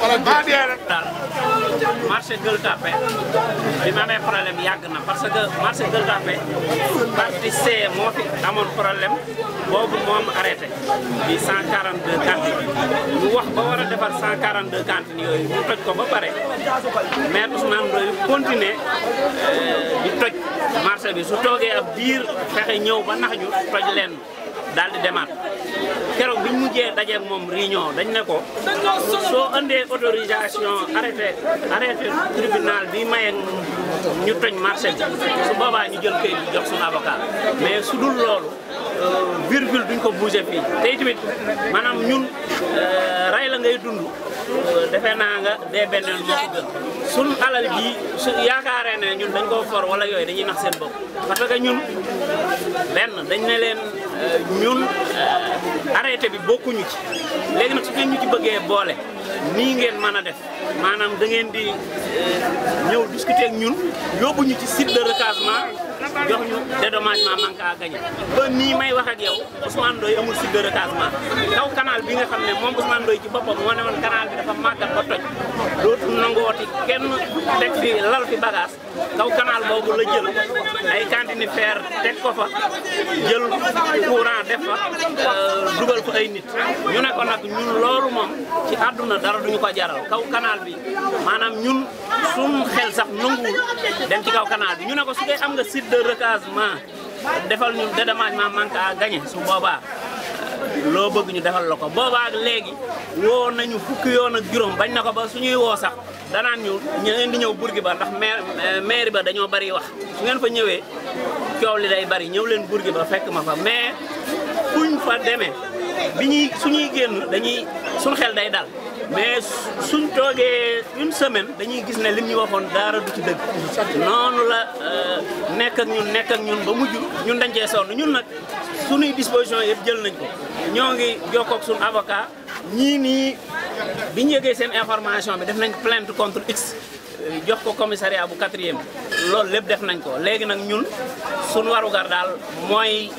maa dee rek daal marché Gueule Tapée bi ma problème yàgg na parce que marché Gueule Tapée parti moo fi amoon problème boobu moom arrêté di 142 cantines ñu wax ba war a defar 142 cantines yooyu ñu toj ko ba pare maire Ousmane Ndoye continuer euh, di toj marché bi su toogee ab diir fexe ñëw ba nax ñu toj leen daal di demaat keroog biñ mujjee dajeeg moom réunion dañ ne ko soo andee autorisation arrêté arrêté tribunal bi maye ñu toj marché bi su boobaa ñu jël kayit bi jox suñu avocat mais su dul lool euh, virgule duñ ko bougé fii te itamit maanaam ñun euh, rey la ngay dund euh, defe naa nga dee benn yoon moo ko gën sun alal ji su yaakaaree ne ñun dañ koo for wala yooyu dañuy nax seen bopp parce que ñun benn dañ ne ñun arrêté bi bokkuñu ci léegi nag su ngeen ñu ci bëggee boole nii ngeen mën a def maanaam da di euh, ñëw discuter ak ñun yóbbu ñu ci site de recasement jox ñu dédommagement manque à gagner ba nii may wax ak yow Ousmane Ndoye amul si de recasement taw canal bi nga xam ne moom Ousmane Ndoye ci boppam moo ne woon canal bi dafa màggat ba toj dootul nangooti kenn teg fi lal fi bagage kaw canal boobu la jël ay cantine fer teg ko fa jël courant def fa Euh, dugal ko ay nit ñu ne ko nag ñun loolu moom ci àdduna dara duñu ko jaral kaw kanaal bi maanaam ñun suñ xel sax nanguwul dem ci kaw canal bi ñu ne ko su dee am nga site de recasement defal ñu dédommagement manque à gagner su boobaa loo bëgg ñu defal la ko boobaa ak léegi woo nañu fukk yoon ak juróom bañ na ko ba suñuy woo sax danaan ñu ñu leen di ñëw Bourguiba ndax maire euh, maire ba dañoo bari wax su ngeen fa ñëwee coow li day bari ñëw leen Bourguiba fekk ma fa mais buñ fa demee bi ñuy suñuy génn dañuy suñ xel day dal mais suñ toogee une semaine dañuy gis ne lim ñu waxoon daara du ci dëgg noonu la euh, nekk ñun nekk ak ñun ba mujj ñun dañ cee sonn ñun nag suñuy disposition yëpp jël nañ ko ñoo ngi jokkoog suñu avoca ñii nii bi ñu yëgee seen information bi def nañ plainte contre x jox ko commissariat bu quatrième loolu lépp def nañ ko léegi nag ñun suñu warugar daal mooy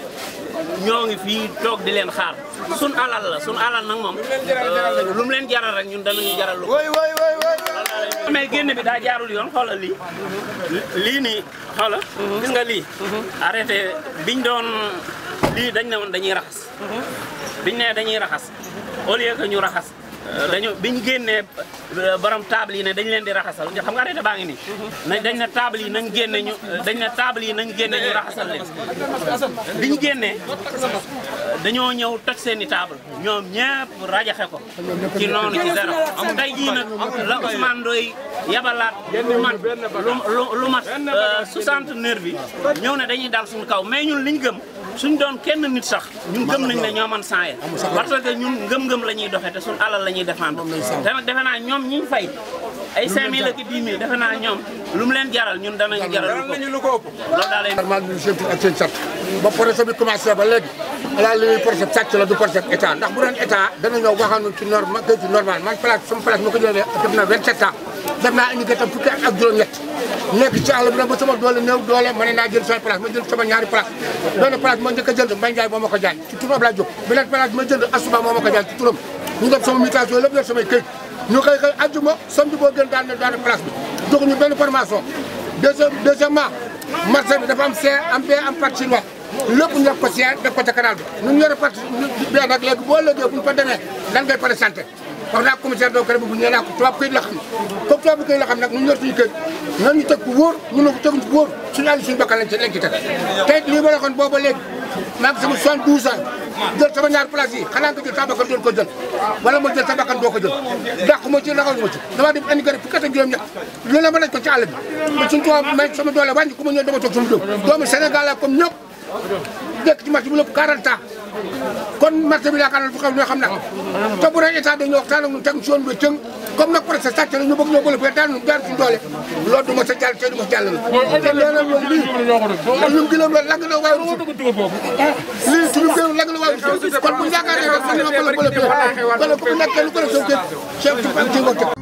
ñoo ngi fii toog di leen xaar sun alal la sun alal nag moom euh, lu mu leen jaral rek ñun danañu jaral lu mais génn bi daa jaarul yoon xoolal lii lii nii xoola gis nga lii arrêté biñ doon lii dañ ne woon dañuy raxas biñ ne dañuy raxas au lieu que ñu raxas dañoo bi ñu génnee euh, borom table yi ne dañ leen di raxasal nga xam nga arrêté baa ngi nii. nañ dañ ne table yi nañ génne ñu dañ ne table yi nañ génne ñu raxasal leen. bi ñu génnee dañoo ñëw toj seen i table ñoom ñëpp rajaxe ko. ci noonu ci dara am tey jii nag la Ousmane Ndoye yabalaat lu mat lu lu mat 60 euh, nervi ñëw ne dañuy dal suñu kaw mais ñun liñ gëm. suñ doon kenn nit sax ñun gëm nañ ne ñoo man saaya parce que ñun ngëm-ngëm la ñuy doxee te suñ alal la ñuy défendre te nag defe naa ñoom ñi fay ay 5000 ak 10000 defe naa ñoom lu leen jaral ñun danañ jaral lu ko ëpp loolu daa lay normal ba projet bi commencé ba léegi alal li ñuy projet sàcc la du projet état ndax bu doon état waxaanu ci normal ci normal man place sama place ma ko jëlee na 27 ans def naa indicateur fukki at ak juróom-ñett nekk ci àll bi doole néew doole ma ne naa jël sama place ma jël sama ñaari place doone place a moo ma ci turam laa jóg beneen place ma jënd Asuba moo ma ko ci turam ñu def sama mutation lépp yor samay këyit ñu xëy xëy ajjuma samedi boo gën daan ne daan place bi joxuñu benn formation deuxième dafa am C am B am partie chinois lépp ñu def ko si def ko ca canal bi. ñun yore parti benn nag léegi boo léegee bu ñu fa demee lan ngay pare santé wax naa commissaire doo kër bu ñu nee naa ko tubaab këyit la xam comme tubaab bi këyit la xam nag ñun ñor suñu këyit nan ñu teg ko wóor ñu ne ko teguñ ci wóor suñu àll suñu bakkan lañ ci lañ ci teg tey lii ma la waxoon booba léegi maa ngi sama 72 ans jël sama ñaar place yi xanaa nga jël sa bakkan doon ko jël wala ma jël sa bakkan doo ko jël dàq ma ci ragal ma ci dama dem andi ko rek fukki at ak juróom ñett loolu la ma lañ ko ci àll bi ba suñu tubaab may sama doole wàññi ku ma ñëw dama toog sama dóom doomu Sénégal la comme ñëpp nekk ci marché bi lépp 40 ans kon marché bi yaakaar naa fu xam ne na te bu ne état dañoo waxtaan ak ñun teg si yoon bi cëng comme nag procès sàcc la ñu bëgg ñoo bëlëfee daal ñu daal suñu doole loolu du ma sa jàll te du ma sa jàll te loolu moom lii ñu ngi loolu lang na waaye lii suñu gënoon lang na waaye kon bu yaakaaree rek mën na ma bëlëfee wala ku nekk lu ko def sa kër chef du parti